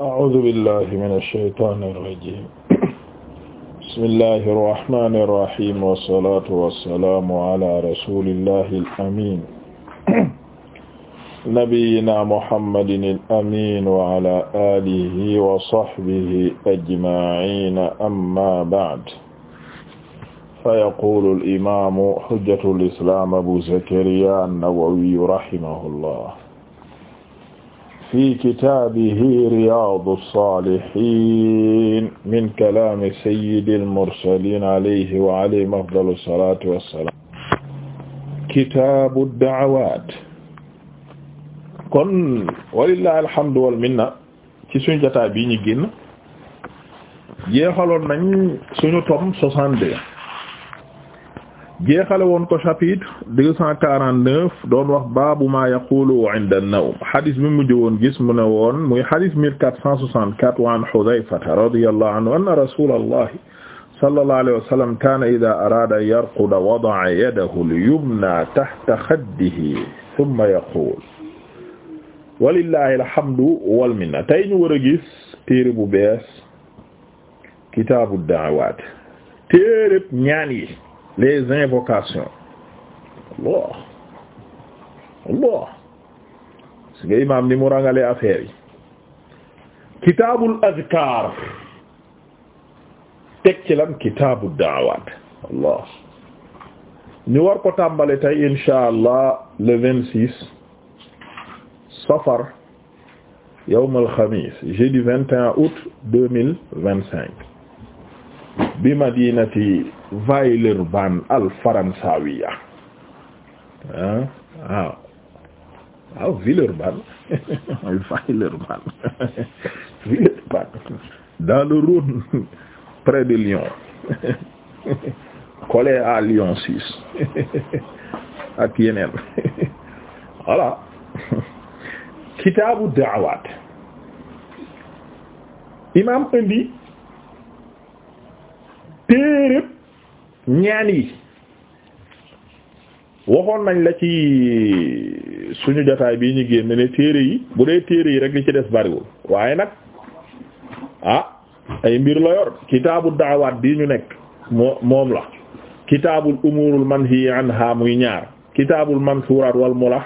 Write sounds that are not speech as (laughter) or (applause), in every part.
a'uuzu billaahi mina shaytaani rajiim bismillaahi rahmaani rahiim wa salaatu wa salaamu alaa rasuulillaahi al-amiin nabiyyinaa muhammadin al-amiin wa alaa aalihi wa sahbihi ajma'iin ammaa ba'd fayaquulu al-imaamu hujjatu al-islaam Abuu Zakariyaa an-Nawawii rahimahullah fi kitaabihi riyaadu saalihiin min kalaami sayyidil mursaliin alayhi wa alayhim afdalu salaatu wa salaam. kitaabu da'awaat. kon walillaahi alhamdu wal minna ci suñu jotaay bii ñu génn jeexaloon nañ suñu tom 62. jeexale woon ko chapitre deux cent quarante neuf doon wax baabu ma yaqulu inda an-nawm xadis bi mujj woon gis mu ne woon muy xadis mille quatre cent soixante quatre wa an Hudhayfata radiyallahu anhu anna rasulallahi sallallahu alayhi wa sallam kaana idha arada an yarquda wada'a yadahu al-yumna tahta khaddihi thumma yaqulu walillahi alhamdu wal minna tey ñu war a gis téere bu bees kitaabu da'awaat téere ñaan yi les invocations Allah Allah si nga imaam ni mu rangale affaire yi kitaabul azkaar teg ci lan kitaabu daawaat Allah ñu war ko tàmbale tey insha allah le vingt six safar yawm al xamis jeudi mille vingt cinq bi madinati Villeurbanne al faransawiya ah waaw ah, waaw Villeurbanne (laughs) Villeurbanne (laughs) Villeurbanne dans le Rhône (laughs) près de Lyon collé à Lyon 6 ak yeneen voilà kitaabu da'awaat imam indi téeréb ñaan yi waxoon nañ la ci suñu jotaay bii ñu génn ne téere yi bu dee téere yi rek li ci def bariwul waaye nag ah ay mbir la yor kitaabu daawaat bii ñu nekk moo moom la kitaabul umuurul manhi anha muy ñaar kitaabul mansuuraat wal mulah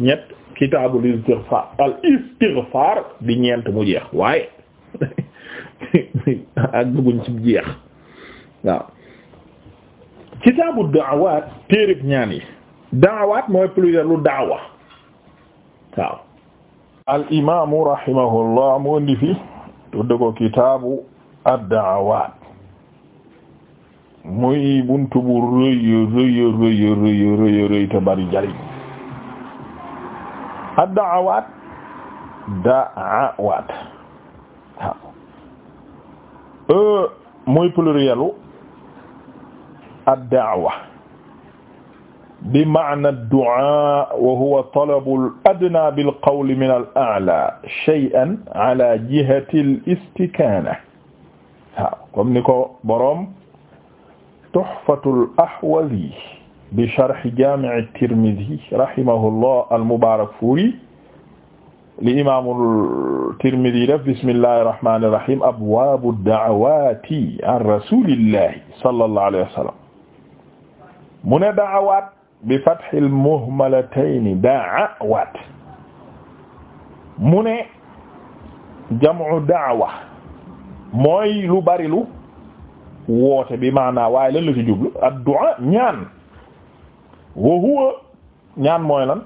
ñett kitaabul istighfaar al istighfaar di ñeent mu jeex waaye (laughs) ak dugguñ ci jeex waaw kitaabu daawaat téereb ñaan yi daawaat mooy pluriel lu al imaamu rahimahullah mu indi fi tudde ko kitaabu ad-da'awaat muy buntu bu rëy rëy rëy rëy rëy rëy te bari daawaat da'awaat waaw euh, muy ad-da'wa bi ma'na ad-du'a wa huwa talabu al-adna bil qawli min al-a'la shay'an ala jihati al-istikana waaw comme ni ko boroom Tuhfatul Ahwazi bi sharh jami' at-Tirmidhi rahimahullah al-Mubarakfuri li imaamul Tirmidhi def bismillahir rahmanir rahim abwaabud da'awaati an rasulillahi sallallahu alayhi wa sallam mu ne da'awaat bi fathil muhmalatayni da'awaat mu ne jam'u daawa mooy lu bari lu woote bi maanaa waaye lan la ci jublu addu'a ñaan wa huwa ñaan mooy lan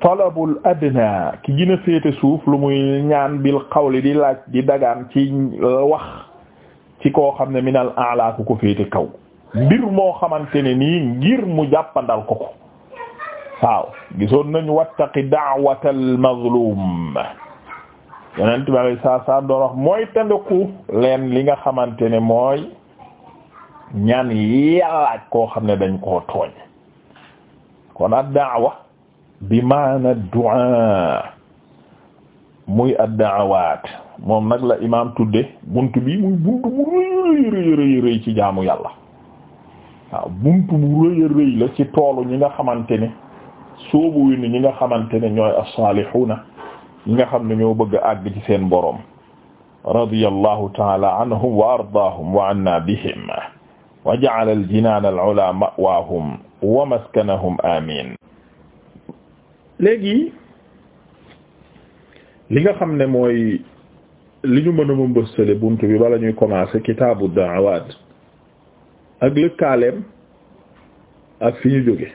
talabul adna ki gën a féete suuf lu muy ñaan bil qawli di laaj di dagaan ci wax ci koo xam ne minal a'la ku ko féete kaw mbir moo xamante ne nii ngir mu jàppandal ko ko waaw gisoon nañu wattaqi da'watal mazlum yonent bi alay saa saa doon wax mooy tandaku leen li nga xamante ne mooy ñaan yàllaaj koo xam ne dañ koo tooñ kon a da'wa bi maana du'a muy ad da'awaat moom nag la imaam tudde bunt bi muy bunt bu rëy rëy rëy ci jaamu yàlla waaw buntu bu a rëy la ci toolu ñi nga xamante ne soobu wi ni ñi nga xamante ne ñooy as-salihuna ñi nga xam ne ñoo bëgg a àgg ci seen boroom radiyallahu ta'ala anhum wa ardaahum wa anna bihim wa ja'ala al-jinaan al-'ulaa ma'waahum wa maskanahum amiin léegi li nga xam ne mooy li ñu mën a mëmbëstale buntu bi bala ñuy commencer kitaabu da'awaat ak lëkkaaleem ak fi ñu jóge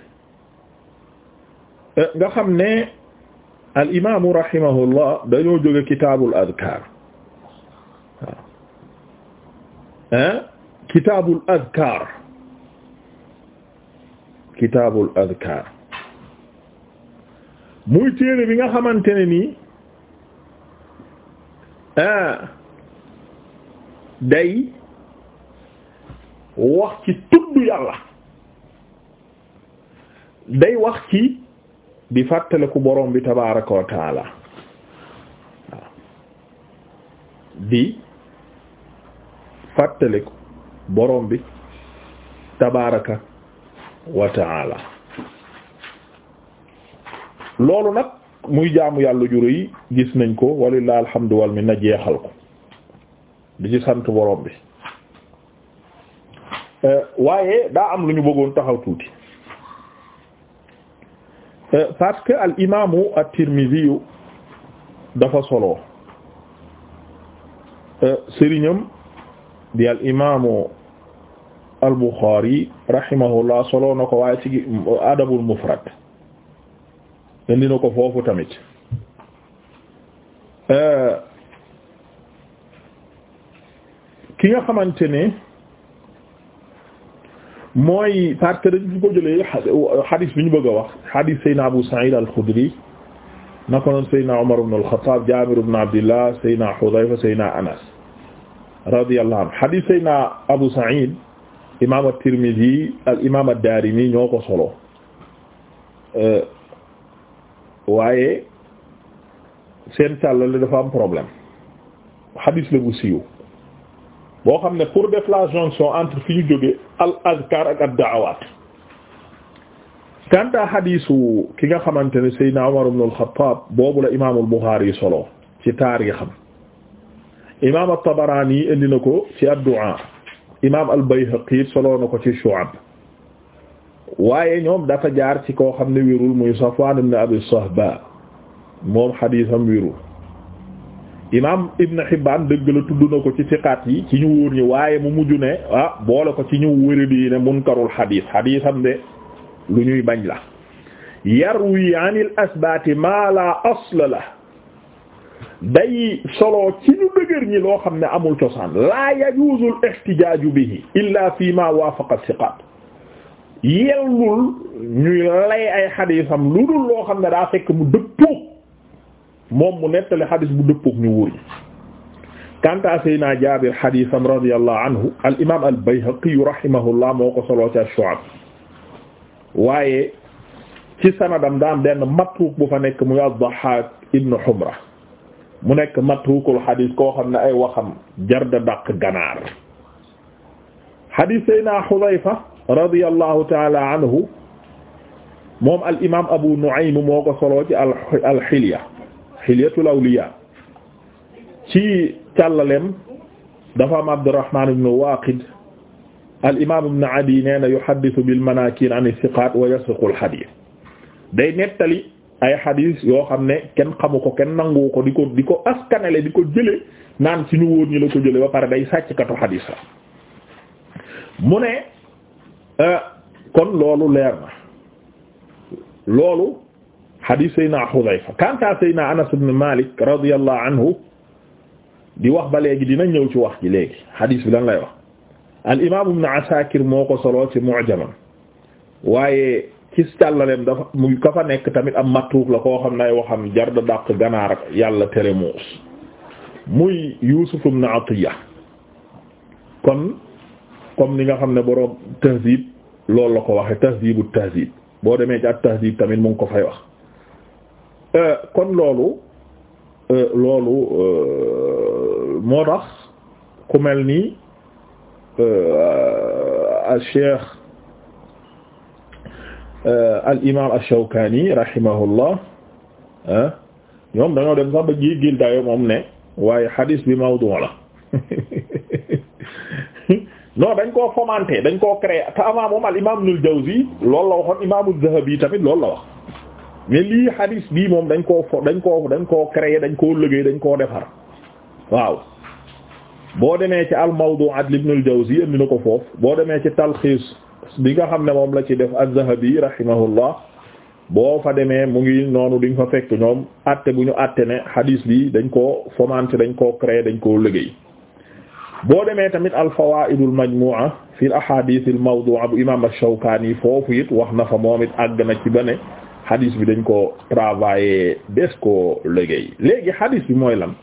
eh, nga xam ne al imaamu rahimahullah dañoo jóge kitaabul azkaar waaw eh, kitaabul azkaar kitaabul azkaar muy téere bi nga xamante ne nii eh, day wax ci tudd yàlla day wax ci di fàttaliku borom bi tabaaraka wa taala waaw di fàttaliku borom bi tabaaraka wa taala loolu nag muy jaamu yàlla juru gis nañ ko walillahi alhamdu wal minna jeexal ko di ci sant borom bi Euh, waaye daa am lu ñu bëggoon taxaw tuuti euh, parce que al imaamu at-Tirmidhi dafa solo euh, sëriñam di al imaamu al Bukhari rahimahullah solo na ko waaye ci adabul mufrad indi na ko foofu tamit ki nga xamante ne mooy parce que dañ hadith bi ñu bëgg a wax hadith Seydina Abu Sa'id al-Khudri na ko noon Seydina Umar ibn al-Khattab Jaabir ibn Abdillah Seydina Hudayfa Seydina Anas radiyallahu anhu hadith Seydina Abu Sa'id imaam at-Tirmidhi al imaam ad-Daarimi ñoo ko solo euh, waaye seen càllale dafa am problème hadith la bu boo xam ne pour def la jonction entre fi ñu jóge al azkar ak ad da'awat kanta hadisu ki nga xamante ne Seydina Umar ibn al-Khattab boobu la imaamul Bukhari solo ci taarixam imaam at-Tabarani indi na ko ci ad-du'a imaam al-Bayhaqi solo na ko ci Shu'ab waaye ñoom dafa jaar ci koo xam ne wérul muy Safwan ibn Abi Sahba moom hadisam wérul imaam Ibn Hibbaan dëgg la tudd na ko ci siqaat yi ci ñu wóor ñi waaye mu mujj ne ah boole ko ci ñu wéradi yi ne munkarul xadiis xadiisam de lu ñuy bañ la yarwi anil asbaati maa laa asla la day solo ci ñu dëgër ñi loo xam ne amul cosaan laa yajuuzul ixtijaaju bihi illaa fii maa waafaqa siqaat yellul ñuy lay ay xadiisam lu dul loo xam ne daa fekk mu dëppoo moom mu nettali xadis bu dëppook ñu wóor yi kanta sayna Jaabir xadisam radiyallahu anhu al imaam al Bayhaqi rahimahullah moo ko soloo ci Shu'ab waaye ci sanadam daan benn matruuk bu fa nekk muy ad-Dahhaak ibn Humra mu nekk matruukul xadis koo xam ne ay waxam jarda dàq ganaar xadis sayna Hudayfa radiyallahu ta'ala anhu moom al imaam Abu Nu'aym moo ko soloo ci al Hilya hilyatul awliya ci càllalem dafa am Abdurrahman ibn Waaqid al imaam ibn Adi nee na yuhaddithu bil manaakiin an thiqaat wa yasriqu al hadiis day nettali ay hadiis yoo xam ne kenn xamu ko kenn nangu ko di ko di ko askanale di ko jële naan suñu wóor ñi la ko jële ba pare day sàcckatu hadiis la mu ne euh, kon loolu leer na loolu hadith Seydina Xudayfa kanta Seydina Anas ibn Malik radiyallahu anhu di wax ba léegi dina ñëw ci wax ji léegi hadith bi lan lay wax al imaam ibn Asakir moo ko solo ci Mu'jamam waaye ci càllalem dafa mu ka fa nekk tamit am matruuk la koo xam ne ay waxam jar da dàq ganaar yàlla tere muus muy Yusuf ibn Atiya kon comme ni nga xam ne boroom Tahzib loolu la ko waxe Tahzibu Tahzib boo demee ci at Tahzib tamit mu ngi ko fay wax Euh, kon loolu euh, loolu euh, moo tax ku ni al cheikh al imam ash-Shawkani rahimahullah ñoom dañoo dem sax ba jéggil dayo moom ne waaye hadis bi mawdu' la (laughs) non dañ koo fomenté dañ koo créé te moom al imam Ibn al-Jawzi loolu la waxoon imam az-Zahabi tamit loolu la wax mais lii hadis bii moom dañ koo fo dañ koo dañ koo créer dañ koo liggéey dañ koo defar waaw boo demee ci al-Mawdu'at Ibn al-Jawzi indi na ko foofu boo demee ci talxiis bi nga xam ne moom la ci def az-Zahabi rahimahullah boo fa demee mu ngi noonu di nga fa fekk ñoom àtte bu ñu àtte ne hadis bi dañ koo fomante dañ koo créer dañ koo liggéey boo demee tamit al-Fawaa'id al-Majmuu'a fi al-Ahaadiith al-Mawduu'a bu imaam ash-Shawkaani foofu it wax na fa moom it àgg na ci ba ne hadis bi dañ ko travailler des ko léegi hadis bi mooy lan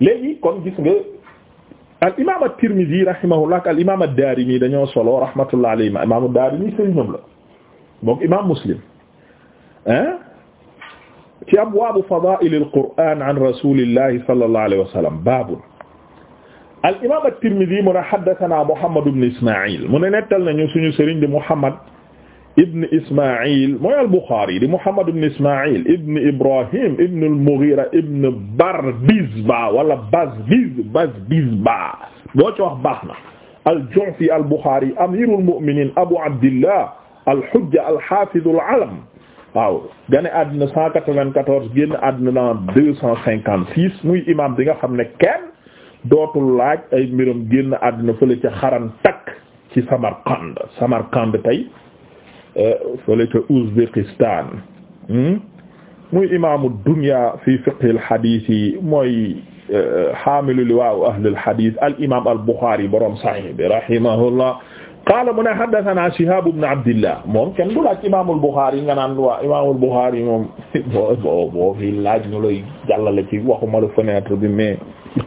léegi kon gis nga al imam at-Tirmidhi rahimahullah al imam ad-Daarimi dañoo solo rahmatullah alayhi imam ad-Daarimi la moom imam Muslim hein ci abwaabu fadaa'il al-Qur'aan an rasuulillahi sallallahu alayhi wa sallam baabun al imam at-Tirmidhi mu ne haddathanaa Muhammad ibn Ismaa'il mu ne nettal nañu suñu sëriñ di Muhammad ibn Isma'il mooy al-Bukhari di Muhammad ibn Isma'il ibn Ibrahim ibn al-Mughira ibn Bardizba wala Bazbiz Bazbizba boo ci wax baax na al-Ju'fi al-Bukhari amirul mu'minin Abu Abdillah al-Hujja al-Hafiz al-Alam waaw gane àddina 194 génn àddina 256 muy imam bi nga xam ne kenn dootul laaj ay mbiram génn àddina fële ca xaran takk ci Samarkand Samarkand tey. Eh, fële ca Ouzbékistan hmm? muy imaamu dunya fi fiqhil hadith yi mooy eh, xaamilu liwaawu ahlil hadith al imaam al Bukhari borom sahih bi rahimahullah qaala mu ne haddasanaa Shihaab ibn Abdillah moom kenn du laaj imaamul Bukhari nga naan waa imaamul Bukhari moom (laughs) boo boo boo fi laaj ñu lay jàllale ci waxuma la fenêtre bi mais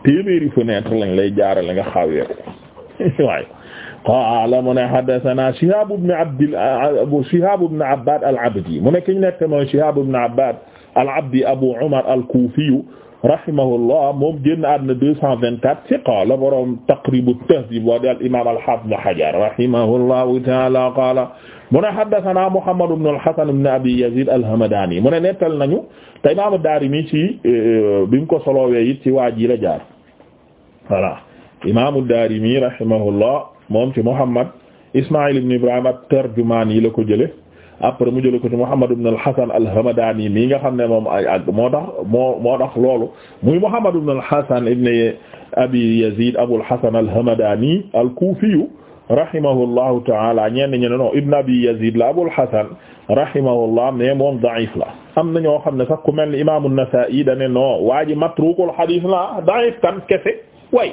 téeméeri lañ lay jaarale nga xawee ko (laughs) qaala mu ne haddasanaa Shihaab ibn Abdil Shihaab ibn Abbaad al-Abdi mu ne ki ñu nekk mooy Shihaab ibn Abbaad al-Abdi Abu Umar al-Kuufi rahimahullah moom génn àdduna 224 siqa la boroom Taqriib at-Tahdhiib wa daal imaam al-Haafiz Ibn Hajar rahimahullahu ta'aala qaala mu ne haddasanaa Muhammad ibn al-Hasan ibn Abi Yaziid al-Hamdaani mu ne nettal nañu te imaam ad-Daarimi ci e, bi mu ko soloowee it ci waa ji la jaar voilà imaam ad-Daarimi rahimahullah moom ci Muhammad Ismaïl ibn Ibrahim at-Tarjumaani yi la ko jële après mu jële ko ci Muhammad ibn al-Hasan al-Hamdani mii nga xam ne moom ay ak moo tax moo moo tax loolu muy Muhammad ibn al-Hasan ibn Abi Yazid Abu al-Hasan al-Hamdani al-Kufi rahimahullahu taala ñenn ñi ne non ibn Abi Yazid la Abu al-Hasan rahimahullah mais moom da'if la am na ñoo xam ne sax ku mel ni imaamu Nasa'i da ne non waa ji matrukul hadith la da'if kan kese way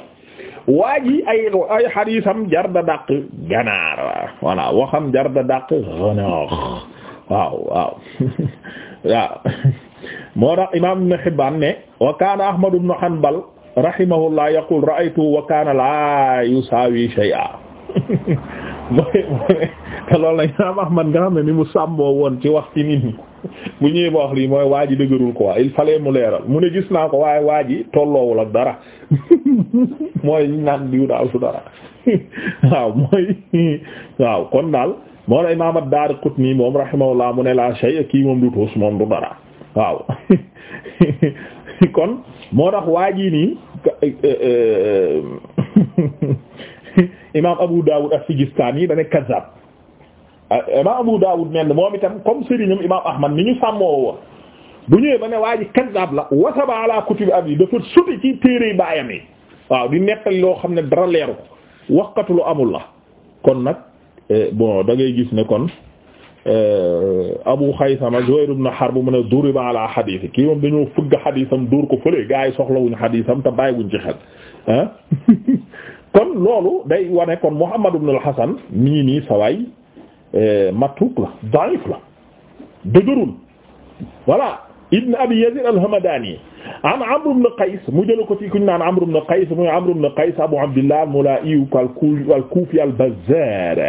waa ji ay ay xadiisam jar da dàq ganaar voilà waxam jar da dàq ganaar waaw waaw (laughs) waaw (laughs) moo tax imaam Ibn Hibbaan ne wa kaana Ahmad ibn Hanbal rahimahullah yaqul ra'aytuhu wa kaana laa yusaawi shay'a (laughs) mooy te loolu la imaam Ahmad nga xam ne ni mu sàmboo woon ci wax ci nit ñi mu ñëwee ma lii mooy waa ji dëgërul quoi il fallait mu leeral mu ne gis naa ko waaye waa ji tolloowul ak dara (laughs) mooy naan diw daal su dara (laughs) waaw mooy (laughs) waaw kon daal moo la imaam ad-Daaraqutni moom rahimahullah mu ne laa shay kii moom du tuus moom du dara waaw kon moo tax waa ji nii eh, eh, eh, imaam Abu Daawud as-Sijistaani yi dane kazzab Eh, imaam Abu Dawud nen moom itam comme sëriñam imaam Ahmad ni ñu sàmmoo woon bu ñëwee ba ne waa ji kazzab la wasaba ala kutubi abi dafa suti ci téere baayam yi waaw di nettali loo xam ne dara leeru waxkatu lu amul la kon nag eh, bon da gis ne kon eh, Abu Xaysama Zuhayr ibn Harb mu a duriba ala xadiisi kii moom dañoo fëgg xadiisam dóor ko fële gaa yi soxlawuñ xadiisam te bàyyiwuñ ci xel ah (laughs) kon loolu day wane kon Muhammad ibn al nii nii Euh, matruk la da'if la dëgërul voilà ibn abi yazid al-hamadani an amr ibn qays mu jëla ko ci kuñ naan amr ibn qays muy amr ibn qays abu abdillah al-mula'i al-kufi al-bazzar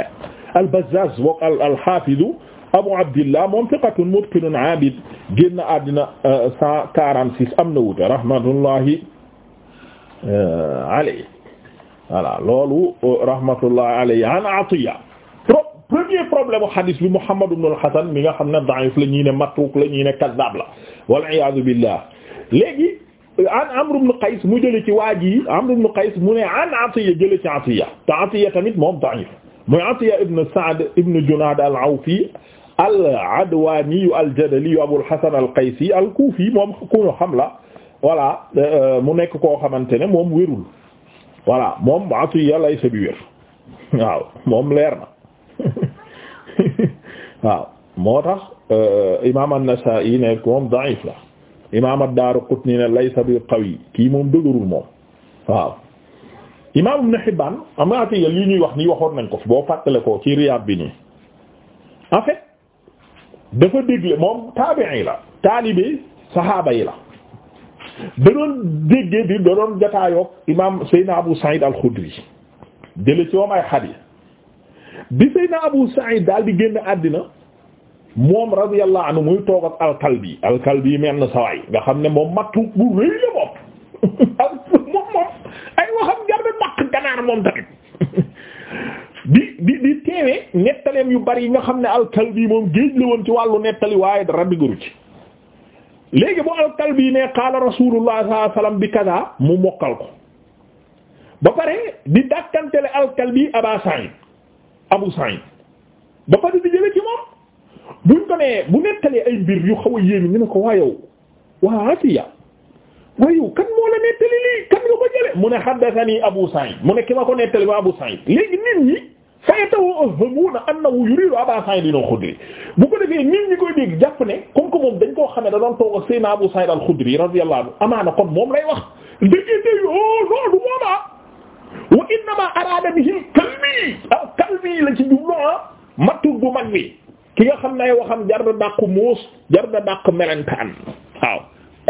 al-bazzaz wa al-hafiz abu abdillah moom thiqatun mutqinun abid génn àddina 146 euh, am na wuute rahmatullahi euh, alayhi voilà loolu rahmatullahi alayhi an atiya trop premier problème u xadis bi Muhammad ibn hasan mi nga xam ne da'if la ñii ne matruk la ñii ne kazzab la wal iyaadu billah léegi an Amr ibn Qays mu jële ci waa ji Amr ibn Qays mu ne an Atiyya jële ci Atiyya te Atiyya tamit moom da'if muy a ibn Sa'd ibn Junaad al-Awfi al-Adwaani al-Jadali Abul Hasan al-Qaysi al-Kufi moom ku ñu xam la voilà euh, mu nekk koo xamante ne moom wirul wala moom Atiyya lay sa bi wér (laughs) waaw moom (laughs) waaw moo tax euh, imaam an-Nasaa'i ne moom da'if la imaam ad-Daaraqutni ne laysa bi qawi kii moom dëgërul moom waaw imaam Ibn Hibbaan am nga ati lii ñuy wax nii waxoon nañ ko fi boo fàttale ko ci Riyaad bi nii en fait dafa dégle moom taabi'i la taalibi saxaaba yi la da doon déggee di da doon jataayoog imaam Seydina Abu Saïd al-Khudri jële ci moom ay hadiis bi Seydina Abu Sa'id daal di génn àddina moom radiyallahu anhu muy toog ak al-Kalbi al-Kalbi mel na sawaay nga xam ne moom mattu bu rëy (laughs) moom ay waxam jar na ganaar moom tamit (laughs) di di di teewee nettaleem yu bari yi nga xam ne al-Kalbi moom géej la woon ci wàllu nettali waaye dara diggaru ci léegi bu al-Kalbi ne qaala rasulullah sallallahu alayhi bi kaza mu mokkal ko ba pare di dàkkantele al-Kalbi Aba Sa'id Abu Sa'id ba pare di jële ci moom buñ ko nee bu nettalee ay mbir yu xaw a yéemi ñu ne ko waa yow waa Atiya waa yow kan moo la nettali lii kan nga ko jële mu ne haddathani Abu Sa'id mu ne ki ma ko nettali ba Abu Sa'id léegi nit ñi sayatawahhamuuna annahu yuridu bu ko defee nit ñi koy dégg jàpp ne comme moom dañ koo xamee da doon toog ak Seydina Abu Sa'id al-Khudri radiyallahu anhu amaana kon moom lay wax dëggee tey oh non du moom ah, wa innama araada bihim kalbi ah kalbi la ci jublu ah, matul bu mag bi ki nga xam ne waxam jar na dàq muus jar na dàq melentaan waaw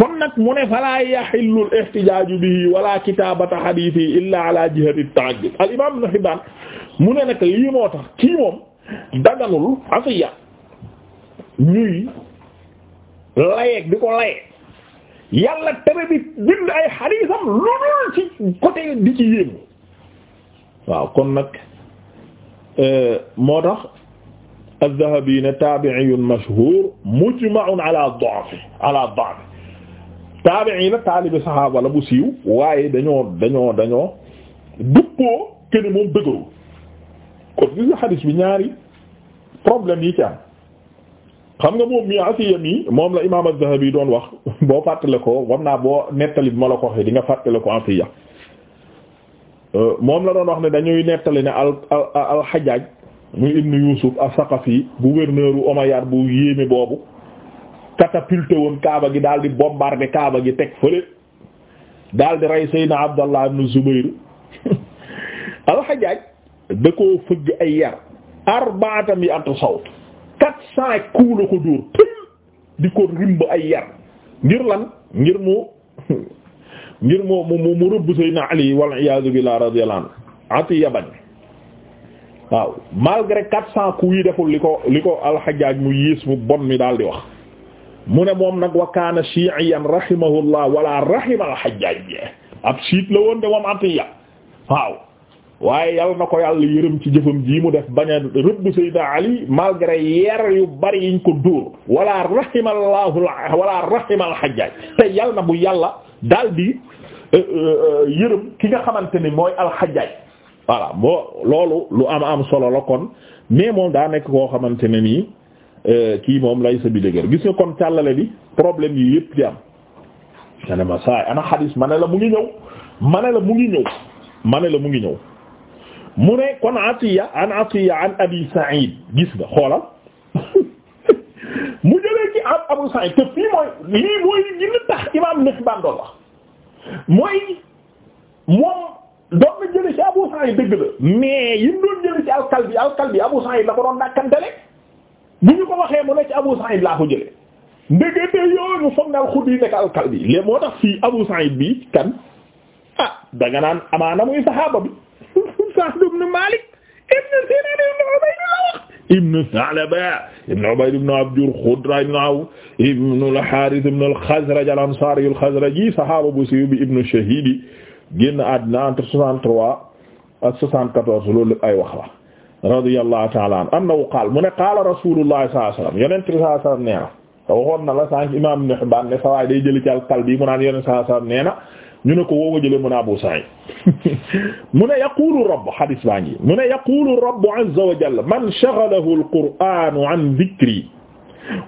kon nag mu ne falaa yaxillu al ihtijaaju bihi wala kitaabata hadiisi illaa al imaam Ibn Hibbaan mu ne nag lii moo tax kii moom daganul asiya ñuy layeeg di ko laye yàlla tere bi bind ay hadiisam lu ci côté di ci yéemu waaw kon nag euh, moo tax az-Zahabi ne tabi'iyun mashhur mujma'un ala da'fi ala da'fi tabi'i bi taalibi saxaaba la bu siiw waaye dañoo dañoo dañoo duppoo kene moom dëgërul kon gis nga xadis bi ñaari problème yi ci am xam nga moom mi asiya mi moom la imam az-Zahabi doon wax boo fàttale ko war naa boo nettali bi ma la ko waxee di nga fàttale ko asiya Euh, moom la doon wax ne dañuy nettali ne al al Hajjaj muy ibnu Yuusuf as-Saqafi gouverneur u Omeyyade bu yéeme boobu catapulté woon Kaaba gi daal di bombardé Kaaba gi teg fële daal di rey Seydina Abdallah ibnu Zubayr (laughs) al Hajjaj da koo fëgg ay yar arbaata mi at sawt quatre cent coups la ko dóor di ko rimb ay yar ngir lan ngir mu (laughs) ngir moo mu mu rëbb Seydina Ali wal iyaazu billah radiyallahu anhu Atiya bañ waaw malgré quatre cent coups deful li ko li ko al-Hajjaj mu yiis mu bon mi daal di wax mu ne moom nag wa kaana shi'iyan rahimahullah wala rahima al ab siit la woon de moom Atiya waaw waaye yal na ko yàlla yërëm ci jëfam ji mu def bañ a rëbb Seydina Ali malgré yer yu bari yiñ ko dóor wala rahima Allah wala rahima al-Hajjaj te yal na bu yàlla daal di euh, euh, yërëm ki nga xamante ni mooy alxajaaj voilà moo loolu lu am am solo la kon mais moom daa nekk koo xamante ne nii euh, kii moom lay sa bi gis nga kon càllale bi problème yi yëpp di am ma saay ana xadis ma la mu ngi ñëw ma la mu ngi ñëw ma la mu ngi ñëw mu ne kon atiya an atiya an abi sa'id gis nga xoolal (laughs) ci am Abu Sa'id te fii mooy lii mooy li ñu tax imaam Ibn Hibbaan doon wax mooy moom doon na jële ci Abu Sa'id dëgg la mais yi mu doon jële ci al-Kalbi al-Kalbi Abu Sa'id la ko doon dàkkantele bu ñu ko waxee mu ne ci Abu Sa'id laa ko jële ndegete yooyu ñu foog na al nekk al-Kalbi léegi moo tax fii Abu Sa'id bi kan ah danga naan amaana muy saxaaba bi (laughs) Sa'd ibn Maalik ibn Sinaan ibn Ubaydullah ibn Salaba ibn Ubayd ibn Abdur Khudra ibn Awf ibn al-Harith ibn al-Khazraj al-Ansari al-Khazraji sahaaba bu siiw bi ibn Shahid génn àddina entre 63 ak 74 loolu ay wax la radiyallahu ta'ala anhu annahu qaala mu ne qaala rasulullah sallallahu alayhi wasallam yonent sallallahu alayhi wasallam nee na waxoon na la sànq imam Ibn Hibban ne sawaay day jëli ci al-Kalbi mu naan yonent sallallahu alayhi wasallam nee na ñu ne ko woo ko jëlee mu ne Abu Sa'id (laughs) mu ne yaqulu rabb hadis baa ngi mu ne yaqulu rabb azza wa jalla man shaghalahu al-qur'anu an dhikri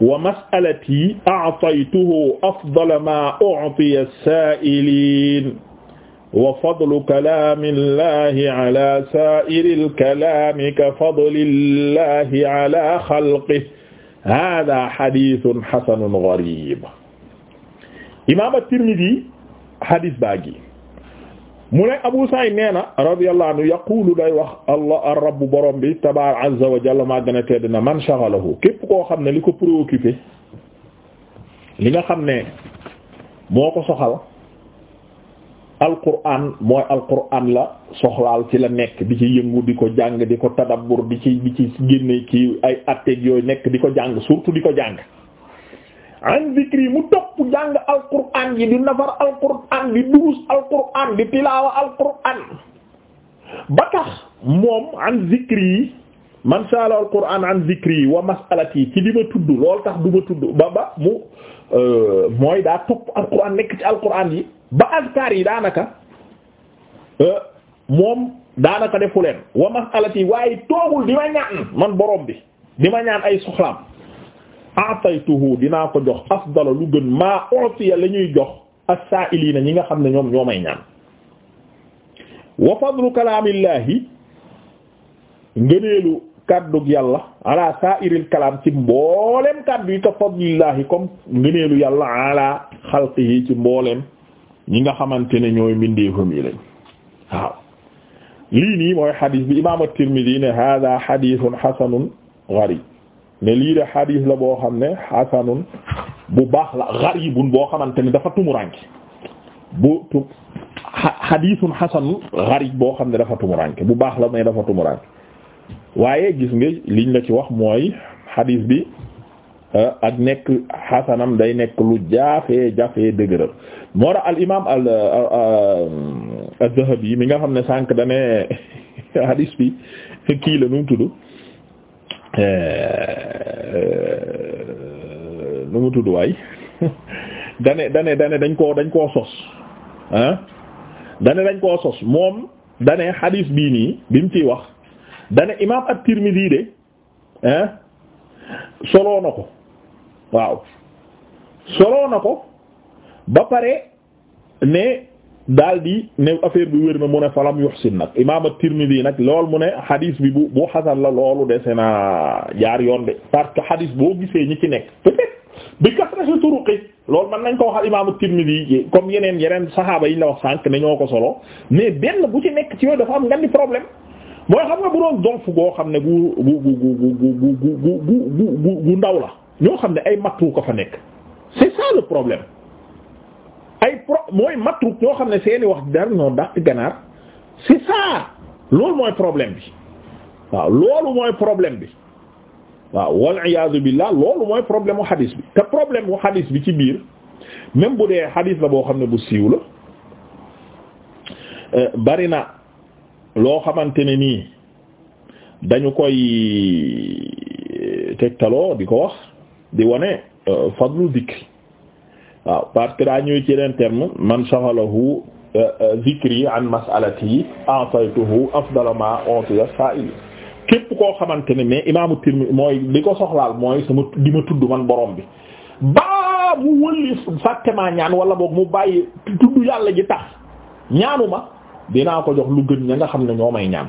wa mas'alati a'taytuhu afdala ma u'tiya as-sa'ilin wa fadlu kalami llahi ala sa'iril kalami ka fadli llahi ala xalqihi haaza hadiisun hasanun gariib imaam at-Tirmidhi hadis baa gi mu ne Abu Sa'id nee na radiyallahu anhu day wax allah ar-rabb borom bi tabaar azza wa jalla maa a tedd na man shaghalahu képp koo xam ne li ko préoccupé li nga xam ne moo ko soxal alquran mooy alquran la soxlaal ci la nekk di ci yëngu di ko jàng di ko tadabbur di ci di ci génne kii ay atteeg yooyu nekk di ko jàng surtout di ko jàng an zikri mu topp jàng alquran ji di nafar alquran di durus alquran di tilaawa alquran ba tax moom an zikri man saala alquran an zikri wa masalati ci di ma tudd lool tax du ma tudd ba ba mu euh, mooy daa topp alquran nekk ci alquran yi ba azkar yi daanaka euh, moom daanaka defu leen wa masalati waaye toogul di ma ñaan man borom bi di ma ñaan ay soxlaam ataytuhu dinaa ko jox afdala lu gën maa utiya la ñuy jox as-sa'ilina ñi nga xam ne ñoom ñoo may ñaan wa fadlu kalaamillaahi ngëneelu kàddug yàlla ala sa'iril kalaam ci mbooleem kàddu yi ka fadlillaahi comme ngëneelu yàlla ala xalqihi ci mbooleem ñi nga xamante ne ñooy mbindeefam yi lañ waaw lii nii mooy xadiis bi imaam at-Tirmidhi ne hada xadiisun xasanun gharib ne lii de xadiis la boo xam ne xasanun bu baax la garibun boo xamante ni dafa tumuranke bu tu xadiisun xasanun garib boo xam ne dafa tumuranke bu baax la mais dafa tumuranke waaye gis nga liñ la ci wax mooy xadiis bi euh, ak nekk xasanam day nekk lu jaafee jaafee dëgëral moo tax al imaam al euh, az mi nga xam ne sànq dane (laughs) xadiis bi kii la nu tudd euh, Euh, nu mu tudd waay (laughs) dane dane dane dañ koo dañ koo sos ah dane dañ koo sos moom dane xadiis bii nii bi mu ciy wax dane imaam at-Tirmidhi de ah na ko waaw soloo ko ba pare ne daal di ne affaire bi wér na mu ne falam yuhsin nag imaam at-Tirmidhi nag lool mu ne hadis bi bu bu xasan la loolu dese na jaar yoon de parce que hadis boo gisee ñi ci nekk peut-être bi kasratu turuqi loolu mën nañ ko wax imaam at-Tirmidhi comme yeneen yeneen saxaaba yi ñu la wax sànq ne ñoo ko solo mais benn bu ci nekk ci yooyu dafa am ngandi problème mooy xam nga bu doon donf goo xam ne gu gu gu gu gu gu gu gu ndaw la ñoo xam ne ay mattu ko fa nekk c'est ça le problème. ay pro mooy matruk ñoo xam ne seeni wax dara ñoo dàq ganaar c'est ça loolu mooy problème bi waaw loolu mooy problème bi waaw wal iyaadu billah loolu mooy problème mu xadis bi te problème mu xadis bi ci biir même bu dee xadis la boo xam ne bu siiw la euh, bari na loo xamante ne nii dañu koy euh, tegtaloo di ko wax di wane euh, fadlu dikr waaw parce que daa ñëw ci yeneen terme man shaghalahu euh, euh, zikri an mas'alati a'taytuhu afdala ma utiya sa'il képp koo xamante ne mais imaamu Tirmidhi mooy li ko soxlaal mooy sama di ma tudd man borom bi baa mu wëlli fàttemaa ñaan wala boog mu bàyyi tudd yàlla ji tax ñaanuma dinaa ko jox lu gën ña nga xam ne ñoo may ñaan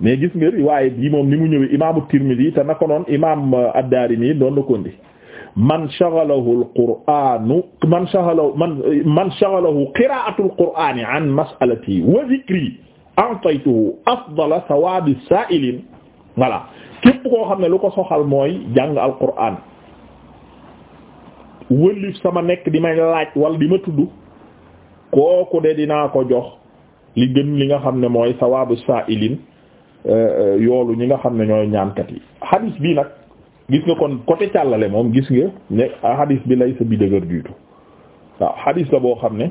mais gis nga waaye bii moom ni mu ñëwee imaamu Tirmidhi te naka noon imaam ad-Daarimi doon la ko man shaghalahu al-qur'anu man shaghalahu man man shaghalahu qira'atu al-qur'ani an mas'alati wa dhikri a'taytuhu afdala thawabi as-sa'ilin voilà képp koo xam ne lu ko soxal mooy jàng al-qur'an wëlif sama nekk di may laaj wala di ma tudd kooku de dinaa ko jox li gën li nga xam ne mooy thawabu as-sa'ilin euh, yoolu ñi nga xam ne ñooy ñaankat yi hadith bi nag gis nga kon côté càllale moom gis nga ne hadis bi lay sa bi dëgër jiitu waaw hadis la boo xam ne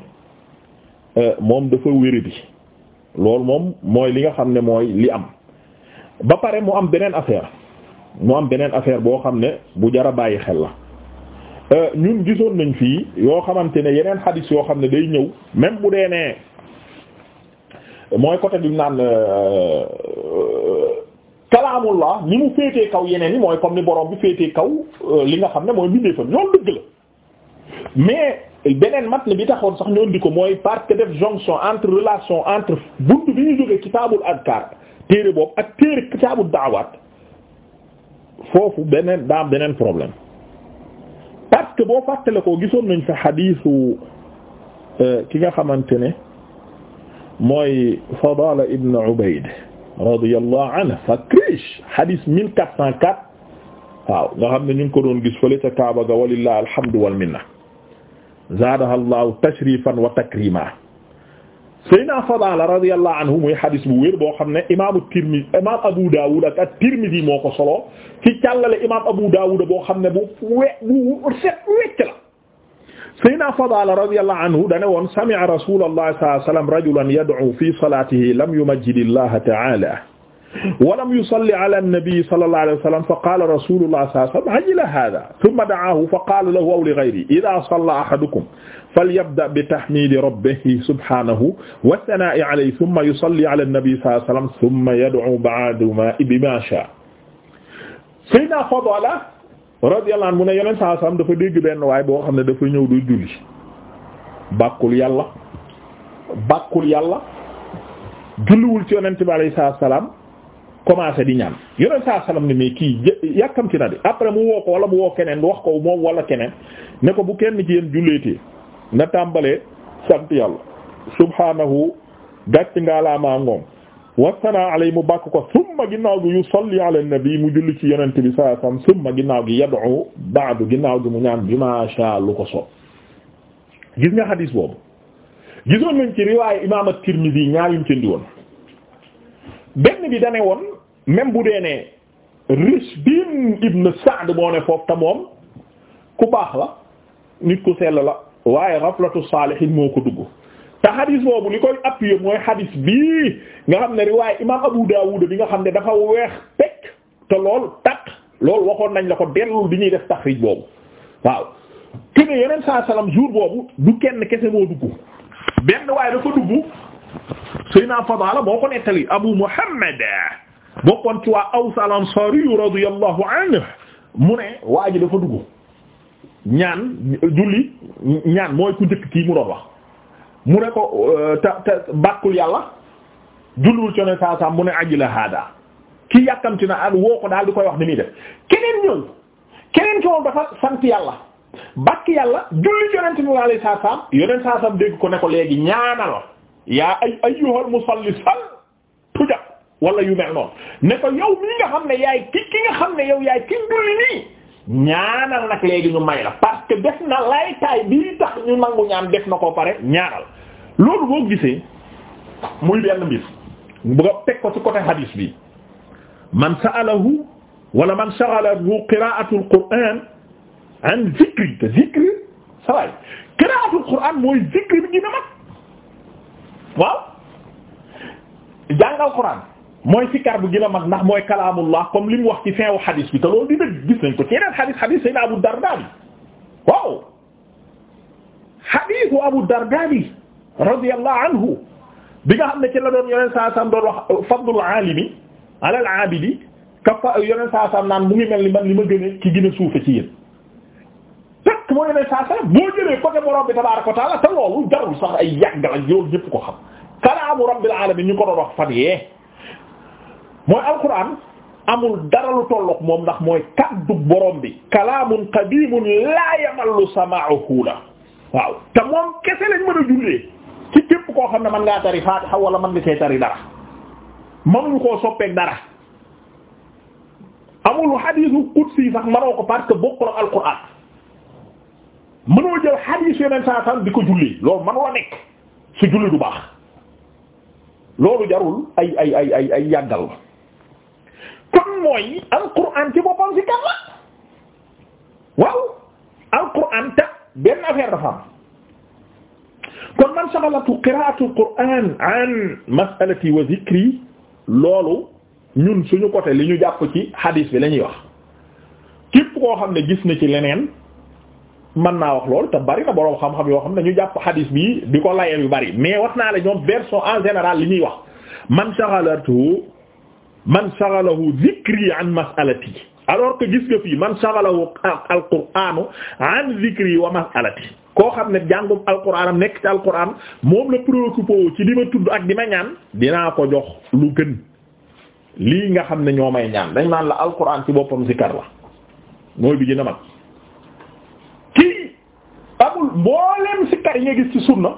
euh, moom dafa wéradi loolu moom mooy li nga xam ne mooy li am ba pare mu am beneen affaire mu am beneen affaire boo xam ne bu jara bàyyi xel la euh, ñun gisoon nañ fii yoo xamante ne yeneen hadis yoo xam ne day ñëw même bu dee ne mooy côté bi mu naan euh, kalaamullah ni mu féetee kaw yeneen yi mooy comme ni borom bi féetee kaw euh, li nga xam ne mooy bindee fa ñoom dëgg la mais beneen mat ne bi taxoon sax ñoon di ko mooy parce que def jonction entre relation entre bunt bi ñu jógee kitaabul adkaar téere boobu ak téere kitaabul daawaat foofu beneen daa beneen problème parce que boo fàttale ko gisoon nañ fa xadiisu euh, ki nga xamante ne mooy Fadala ibn Ubayd radiyallahu anhu fa krish hadith mille quatre cent quatre waaw nga xam ne ñu ngi ko doon gis fële ca Kaaba ga walillahi alhamdu wal minna zaadaha allahu tashrifan wa takrima sayna Fadala radiyallahu anhu muy hadis bu wér boo xam ne imaamu Tirmidhi imaam Abu Dawud ak at-Tirmidhi moo ko solo ci càllale imaam Abu Dawud boo xam ne bu we bu set wecc la Seydina Fadala radiyallahu anhu dane woon sami'a rasulullah sallallahu alayhi wa sallam rajulan yad'u fi salatihi lam yumajjid Allah ta'ala wa lam yusalli ala an-nabi sallallahu alayhi wa sallam fa qala rasulullah sallallahu alayhi wa sallam ajjala hadha thumma da'ahu fa qala lahu aw li ghayrihi idha salla ahadukum falyabda' bi tahmidi rabbihi subhanahu wa thana'i alayhi thumma yusalli ala an-nabi sallallahu alayhi wa sallam thumma yad'u ba'da ma bima sha'a Seydina Fadala radiyallahu anhu mu ne yeneen saa sam dafa dégg benn waaye boo xam ne dafa ñëw du julli bàkkul yàlla bàkkul yàlla julliwul ci yonent bi alayhi salaatu salaam commencé di ñaan yonent saa salaam ne mais kii yàkkamti na di après mu woo ko wala mu woo keneen wax ko moom wala keneen ne ko bu kenn ci yéen julleetee na tàmbalee sant yàlla subhaanahu gàcc ngaa laa maa wasana alay mu bàkk ko summa ginnaaw gi yusalli ala nabi mu julli ci yonent bi sallallahu alayhi wasallam ginnaaw gi yad'u ba'du ginnaaw gi mu ñaan bi ma sha lu ko so gis nga xadiis boobu gisoon nañ ci riwaayu imaam at-Tirmidhi ñaar yuñ ci woon benn bi dane woon même bu dee ne Rishdin ibn Sa'd moo ne foofu te moom ku baax la nit ku sell la waaye ghaflatu saalihiin moo ko dugg te xadis boobu li koy appuyer mooy xadis bii nga xam ne riwaay imaam Abu Dawud bi nga xam ne dafa weex pekk te lool takk loolu waxoon nañ la ko dellul di ñuy def taxriij boobu waaw ki ne yeneen saa salaam jour boobu du kenn kese moo dugg benn waaye dafa dugg Seydina Fadala moo ko nettali Abu Muhammad bokkoon ci waa Aws al-Ansari radiyallahu anhu mu ne waa ji dafa dugg ñaan julli ñaan mooy ku njëkk kii mu doon wax mu ne ko euh, te te bàkkul yàlla julluwul ci saa saa mu ne ajila hada ki yàkkamti na ak woo ko daal di koy wax ni muy def keneen ñëw keneen ki moom dafa sant yàlla bàkk yàlla julli ci yonent bi alayhi saa saam yoneen saa saam dégg ko ne ko léegi ñaanal yaa ay ayyuhal musalli sal tuja wala yu mel noonu ne ko yow mii nga xam ne yaay ki ki nga xam ne yow yaay ki julli nii ñaanal nag léegi ñu may parce que def na laytaay bii tax ñu nangu ñaan def na ko pare ñaanal loolu boo gisee muy benn mbir bëgg a teg ko ci côté bi man sa'alahu wala man shaghalahu qira'atul an zikri te zikri saway qira'atul mooy zikri bi gën a waaw jàngal qur'an mooy sikar bu gën a mag ndax mooy comme li mu wax ki fin wu xadis bi te loolu di dëgg gis nañ ko ci yeneen xadis xadis sayna Abu Darda bi waaw xadisu Abu Darda bi radiyallahu anhu bi nga xam ne ki la doon yoneen saa sam doon wax fadlul alimi ala abidi ka fa yoneen saa sam naan mu ngi mel ni man li ma gën a ki gën a suufe ci yéen tekk moo yoneen saa sam boo jëlee côté borom bi tabaaraka wa taala te loolu jarul sax ay yàgg la yoolu ko xam kalaamu rabbil alamin ñu ko doon wax fan yee mooy alquran amul dara lu tollook moom ndax mooy kaddu borom bi kalaamun qadimun laa yamallu sama'uhu la waaw te moom kese lañ mën a jullee ci képp koo xam ne man ngaa tari faatiha wala mën nga see tari dara mënuñu koo soppeek dara amul xadiisu qudsi sax mënoo ko parce que bokkul ak alquran mënoo jël xadiis yeneen saa san di ko jullee loolu man la nekk su julli du baax loolu jarul ay ay ay ay ay yàggal kon mooy alquran ci boppam ci kan la waaw alquran ta benn affaire dafa am kon man shaghalatu qira'atu alquran an mas'alati wa dhikri loolu ñun suñu côté li ñu jàpp ci hadith bi la ñuy wax képp koo xam ne gis na ci leneen man naa wax loolu te bari na boroom xam-xam yoo xam ne ñu jàpp hadith bi di ko layel yu bari mais wax naa la ñoom version en général li ñuy wax man shaghalatu man shaghalahu dhikri an mas'alati alors que gis nga fii man shaghalahu alqur'anu an dhikri wa mas'alati koo xam ne jàngum alqur'anam nekk ci alqur'an moom la préoccupé wu ci di ma tudd ak di ma ñaan dinaa ko jox lu gën lii nga xam ne ñoo may ñaan dañ naan la alqur'an ci boppam zikar la mooy bi gën a mag kii amul mboolem zikar yi nga gis ci sunna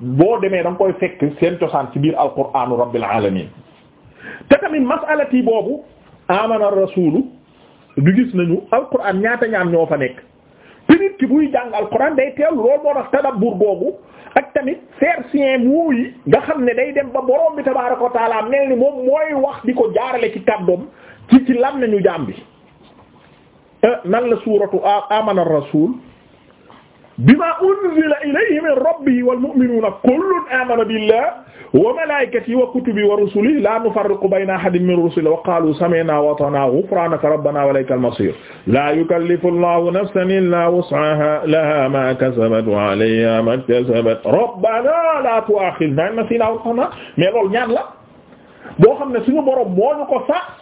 boo demee da nga koy fekk seen cosaan ci biir alqur'anu rabbil alamin te tamit masalati boobu amana rasulu du gis nañu alquran ñaata ñaan ñoo fa nekk te ki buy jàng alquran day teew loolu moo tax tadabbur boobu ak tamit sercien mooyi nga xam ne day dem ba borom bi tabaaraka wa taala mel ni moom mooy wax di ko jaarale ki kàddoom ci ci lam nañu jaam bi eh, nan la suuratu amana rasul bima unzila ilayhi min rabbihi wal mu'minuna kullun amana billahi wa malaikatihi wa kutubihi wa rusulihi la nufarriqu bayna ahadin min rusulihi wa qalu sami'na wa ata'na ghufranaka rabbana wa ilaykal masir la yukallifu llahu nafsan illa wus'aha laha ma kasabat wa 'alayha ma iktasabat rabbana la tu'akhidhna in nasina aw akhta'na mais loolu ñaan la boo xam ne suñu borom moo ñu ko sax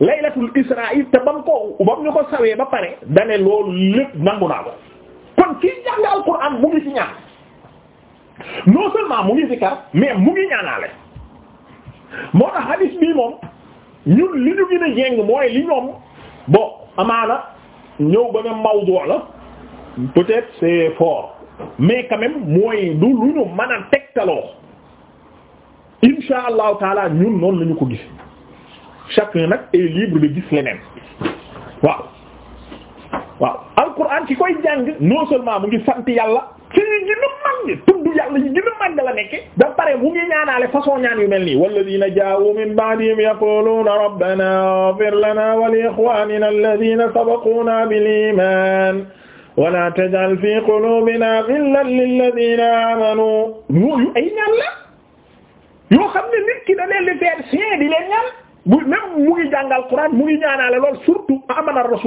laylatul isra'i te bam ko bam ñu ko sawee ba pare dane loolu lépp nangu naa ko kon kii jàng alquran mu ngi ci ñaan non seulement mu ngi zikar mais mu ngi ñaanaale moo tax hadis bii moom ñun li ñu gën a mooy li ñoom bon amaana ñëw ba ne mawdu la peut-être c'est fort mais quand mooy du lu ñu mën a tegtaloo insha allahu taala ñun noonu la ko gis chacun nag est libre de gis leneen waaw waaw alquran ki koy jàng non seulement mu ngi sant yàlla ci ñu gën a màgg tudd yàlla ñu gën a màgg la nekke da pare mu ngi ñaanaale façon ñaan yu mel nii walladina jaa'u min ba'dihim yaquluna rabbana ighfir lana wa li ikhwanina alladina sabaquna bil iman wa la taj'al fi qulubina ghillan lil ladina amanu yooyu ay ñaan la yoo xam ne nit ki da leen di faire sien di leen ñaan bu même mu ngi jàngal Alxuraan mu surtout la wax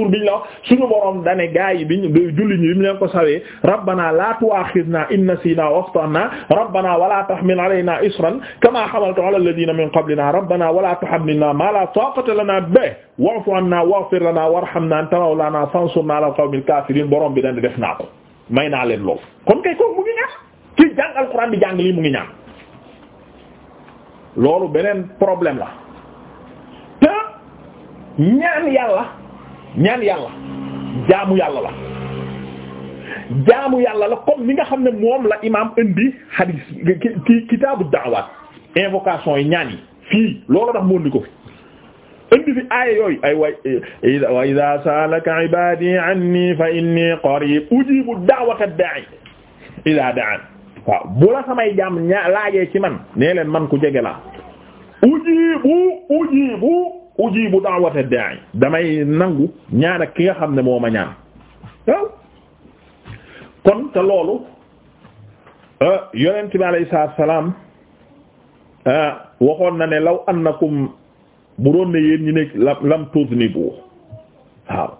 suñu borom dane gaa yi biñ julli ñi bi ñu rabbana la tu'akhidna in nasina wa rabbana wala tahmil alayna isran kama hamaltu ala alladhina min rabbana wala tuhammilna lana bihi wa'fu anna waghfir lana warhamna anta mawlana fansurna ala alqawmil kafirin borom bi dane def naa ko may naa leen lool kon kay ngi ñaan ci jàng la ñaan yàlla ñaan yàlla jaamu yàlla la jaamu yàlla la comme li nga xam ne moom la imaam indi hadis ki kitaabu invocation yi ñaan yi fii loolu tax mu indi ko fi indi fi aaya yooyu ay wa eh, idha sa'alaka ibadi anni fa inni qarib ujibu da'wata da'i idha da'an waaw bu la samay jaam ñaa ci man nee leen man ku jege laa ujibu bu da'wata da'i damay nangu ñaan ak ki nga xam ne moo ma ñaan kon te loolu euh, yonent bi alayhi salaam euh, waxoon na ne law annakum bu doon ne yéen ñi nekk lam tuznibu waaw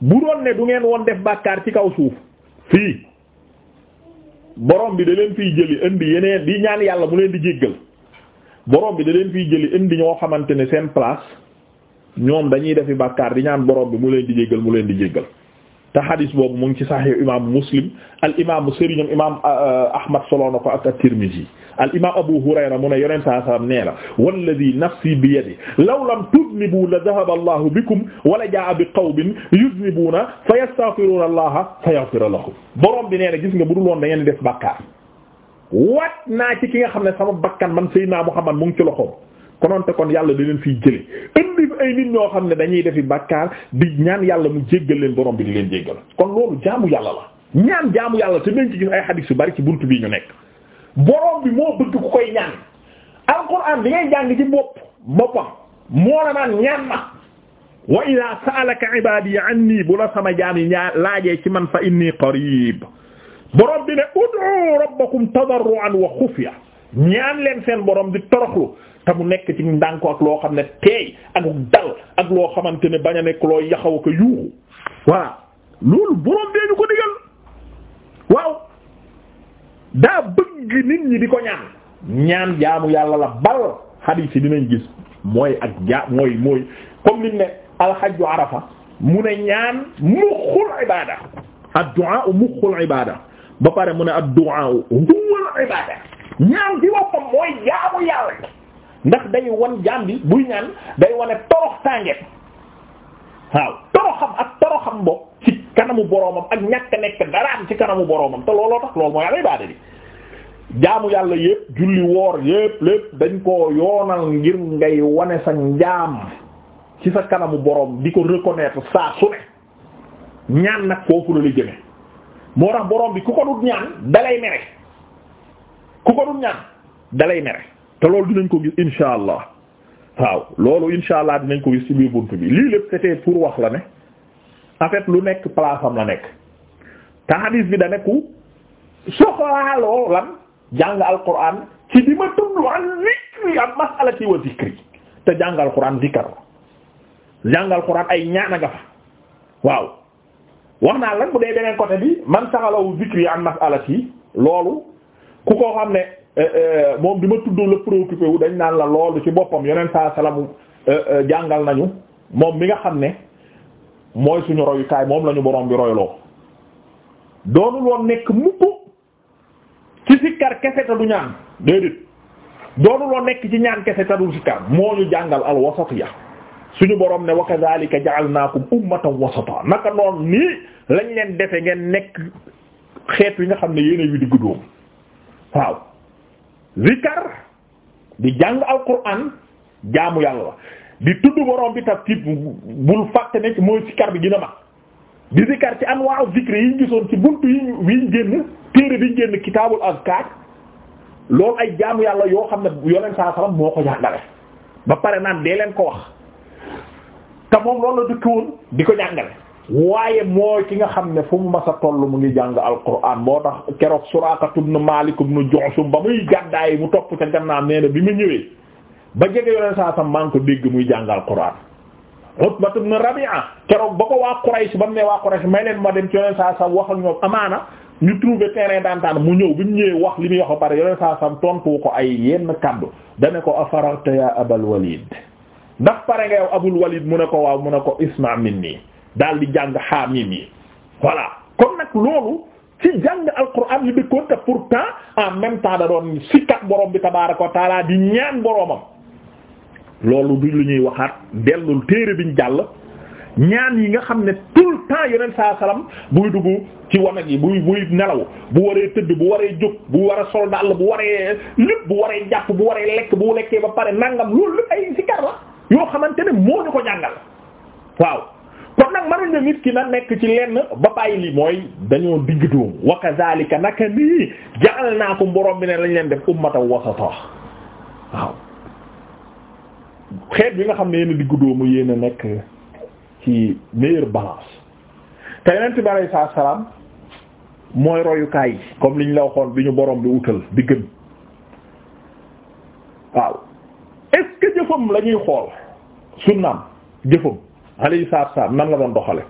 bu doon ne du ngeen woon def bàkkaar ci kaw suuf fii borom bi da leen fiy jëli indi yeneen di ñaan yàlla mu leen di jéggal borom bi da leen fiy jëli indi ñoo xamante ne seen place ñoom dañuy defi bàkkaar di ñaan boroom bi mu leen di jéggal mu leen di jéggal te xadis boobu mu ngi ci sahih imam muslim al imam sëriñam imam euh, euh, ahmad solo na ko ak at-tirmidhi al imam abu hurayra mu ne yonent sallallahu alayhi wasallam nee na walladhi nafsi bi yadi law lam tudnibu la dhahaba allahu bikum wala jaa bi qawmin yudnibuna fa yastaghfiruna allaha fa yaghfir lahum borom bi nee na gis nga bu dul woon da ngeen def bàkkaar wat naa ci ki nga xam ne sama bakkan man Seydina naa mu mu ngi ci loxoom konoonte kon yàlla di leen fiy jële indi ay nit ñoo xam ne dañuy defi bàkkaar di ñaan yàlla mu jéggal leen boroom bi di leen jéggal kon loolu jaamu yàlla la ñaan jaamu yàlla te nañ ci gis ay xadiis yu bari ci bunt bi ñu nekk borom bi moo bëgg ku koy ñaan alquran bi ngay jàng ci bopp boppam moo la naan ñaan ma wa ida saalaka ibadi anni bu la sama jaam yi ñaa laajee ci man fa inni qarib boroom bi ne ud'u rabbakum tadarruan wa xufiya ñaan leen seen boroom di toroxlu te mu nekk ci ndànk ak loo xam ne teey ak dal ak loo xamante ne bañ a nekk loo yaxaw ko yuuxu voilà loolu borom bee ñu ko digal waaw daa bëgg nit ñi di ko ñaan ñaan jaamu yàlla la bal xadiis yi dinañ gis mooy ak jaa mooy mooy comme nit ne alxajju arafa mu ne ñaan muxul ibada ad-du'a muxul ba pare mu ne ad-du'a huwa al-ibada ñaan ci boppam mooy jaamu yàlla ndax day wan jaam bi buy ñaan day wane torox tànge waaw toroxam ak toroxam bopp ci kanamu boroomam ak ñàkk nekk daraam ci kanamu boromam te looloo tax loolu mooy al-ibada bi jaamu yàlla yépp julli woor yépp lépp dañ ko yoonal ngir ngay wane sa njaam ci sa kanamu boroom di ko reconnaître saa su ne ñaan nag foofu la la jëme moo tax borom bi ku ko dut ñaan dalay mere ku ko dut ñaan dalay mere te loolu dinañ ko gis insha allah waaw loolu insha allah dinañ ko gis ci biir bunt bi lii lépp c'était pour wax la ne en fait lu nekk place la nekk te bi da nekku soxlaaloo lan jàng alquran ci di ma tudd an zikri am masalati wa zikri te jàng alquran zikar jàng alquran ay ñaan nga fa waaw wax naa lan bu dee beneen côté bi man saxalawu zikri an mas'alati loolu ku ko xam ne euh, euh, moom bi ma tuddoo la préoccupé wu dañ naan la loolu ci boppam yeneen saa salamu euh, jàngal nañu moom mi nga xam ne mooy suñu royukaay moom lañu boroom bi royloo doonul woon nekk mukk ci sikkar kese te ñaan déedéet doonul woon nekk ci ñaan kese te du sikkar moo ñu jàngal al wasatiya suñu borom ne wa naa ko ummatan wasata naka noonu nii lañ leen defe ngeen nekk xeet wi nga xam ne yéena yu di dóom waaw zikar di jàng alquran jaamu yàlla di tudd borom bi tab tiit bul fàtte ne mooy zikar bi di zikar ci anwa'u zikri yi ñu gisoon ci bunt yi ñu génn téere bi ñu génn kitaabul azkaar loolu ay jaamu yàlla yoo xam ne yoneen saa salaam moo ko jàngale ba pare naan dee leen ko wax te moom loolu la dëkk di ko jàngale waaye mooy ki nga xam ne fu mu mas a toll mu ngi jàng alquran moo tax keroog Suraaka ibn Maalik ibn Ju'shum ba muy gàddaay mu topp ca gannaaw nee bi mu ñëwee ba jege yoneen saa sam maa ngi ko dégg muy jàng alquran Utba ibn Rabi'a keroog ba ko waa Quraysh ba mu ne waa Quraysh may leen ma dem ci yoneen saa sam wax ak ñoom amaana ñu trouvé terrain mu ñëw bi mu ñëwee wax li muy wax ba pare yoneen saa sam tontu ko ay yenn kàddu dane ko afarata ndax pare nga yow abul walid mu ne ko waaw mu ne ko isma nii daal di jàng xaamim yi voilà kon nag loolu ci jàng alquran li dëkkoon te pourtant en même temps da doon sikkat borom bi tabaaraka wa di ñaan boromam loolu du lu ñuy waxaat dellul téere biñ jàll ñaan yi nga xam ne tout le temps yeneen saa buy dugg ci wanag yi buy buy nelaw bu waree tëdd bu waree jóg bu war a sol dàll bu waree lépp bu waree jàpp bu waree lekk bu lekkee ba pare nangam loolu yoo xamante ne moo ñu ko jàngal waaw kon nag mënuñ ne nit ki na nekk ci lenn ba bàyyi li mooy dañoo digg doom wa kadhalika naka nii ko borom bi ne lañ leen def ummatan wasata waaw xeet bi nga xam ne yéen a digg doomu yéen a nekk ci meilleure balance te yonent bi alayhi salaam mooy royukaay yi comme liñ la xool bi ñu borom bi utal bi gën waaw est-ce lañuy xool sunnaam jëfam alayhi salaam nan la doon doxale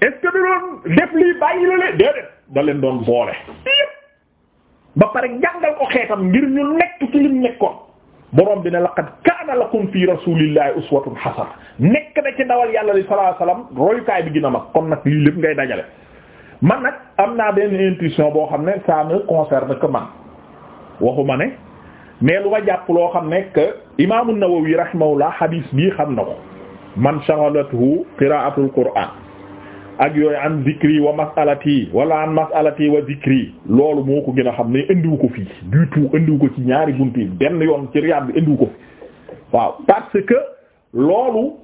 est-ce def lii bàyyi la leen déedéet da leen doon boole ba pare jàngal ko xeetam ngir ñu nekk ci lim nekkoon borom bi ne laqad kaana lakum fi rasulillahi uswatun hasana nekk na ci ndawal yàlla li sallallahu alayhi wasallam royukaay bi gën a mag kon nag lii lépp ngay dajale man nag am naa benn intuition boo xam ne ça ne concerne que man waxuma ne mais lu ma jàpp loo xam ne que imaam an-Nawawi rahimahullah hadis bii xam na ko man shaghalathu qira'atul ak yooyu an zikri wa mas'alati wala an mas'alati wa zikri loolu moo ko gën a xam ne indiwu ko fii du tout indiwu ko ci ñaari bunt yi benn yoon ci Riyad bi indiwu ko fi waaw parce que loolu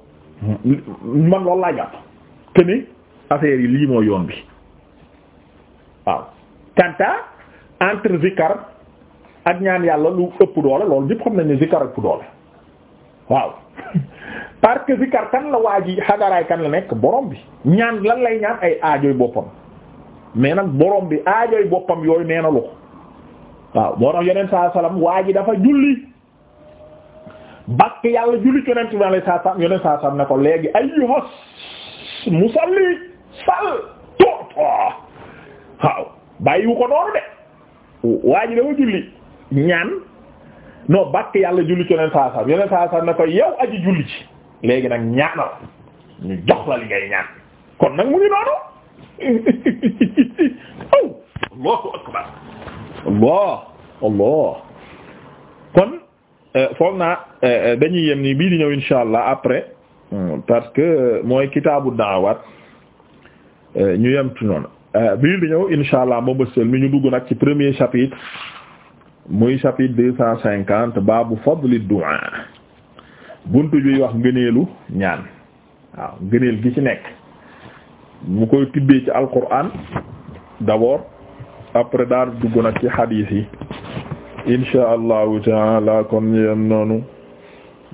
man loolu jàpp que ni yi lii mooy yoon bi waaw kanta entre zikar ak ñaan yàlla lu ëpp doole loolu yëpp xam nañ ne zikar ëpp doole waaw (laughs) park que zikar kan la waa ji xagaraay kan la nekk boroom bi ñaan lan lay ñaan ay aajoy boppam mais nag boroom bi aajoy boppam yooyu nee na lu ko waaw moo tax yeneen saa salaam waa ji dafa julli bakk yàlla julli ci yonent bi alayhi salaam yonent saa salaam ne ko léegi ayyuha musalli sal toot waaw bàyyiwu ko noonu de waa dafa julli ñaan non bàkk yàlla julli ci yoneen saa saam yoneen saa saam ne ko yow aji julli ci léegi nag ñaanal ñu jox la li ngay ñaan kon nag mu ngi noonu aw (laughs) oh, allah allah kon euh, foog naa euh, dañuy yem nii bii di ñëw insha allah après hmm, parce que mooy kitaabu daawaat euh, ñu yem ci noonu bii di ñëw insha allah ma bësal mi ñu dugg nag ci premier chapitre muy chapitre cinquante baabu fadli du'a buntu bi wax ngëneelu ñaan waaw ngëneel gi ci nekk mu koy tibbee ci alquran d'abord après daal dugg nag ci hadith yi insha allahu taala kon yem noonu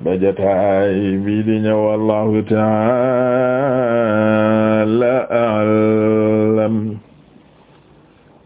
ba jotaay bi di ñëw wallahu taala a'lam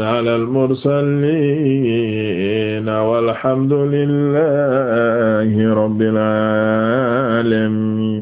salaamun ala al-mursaliin walhamdu lillaahi rabbil aalamiin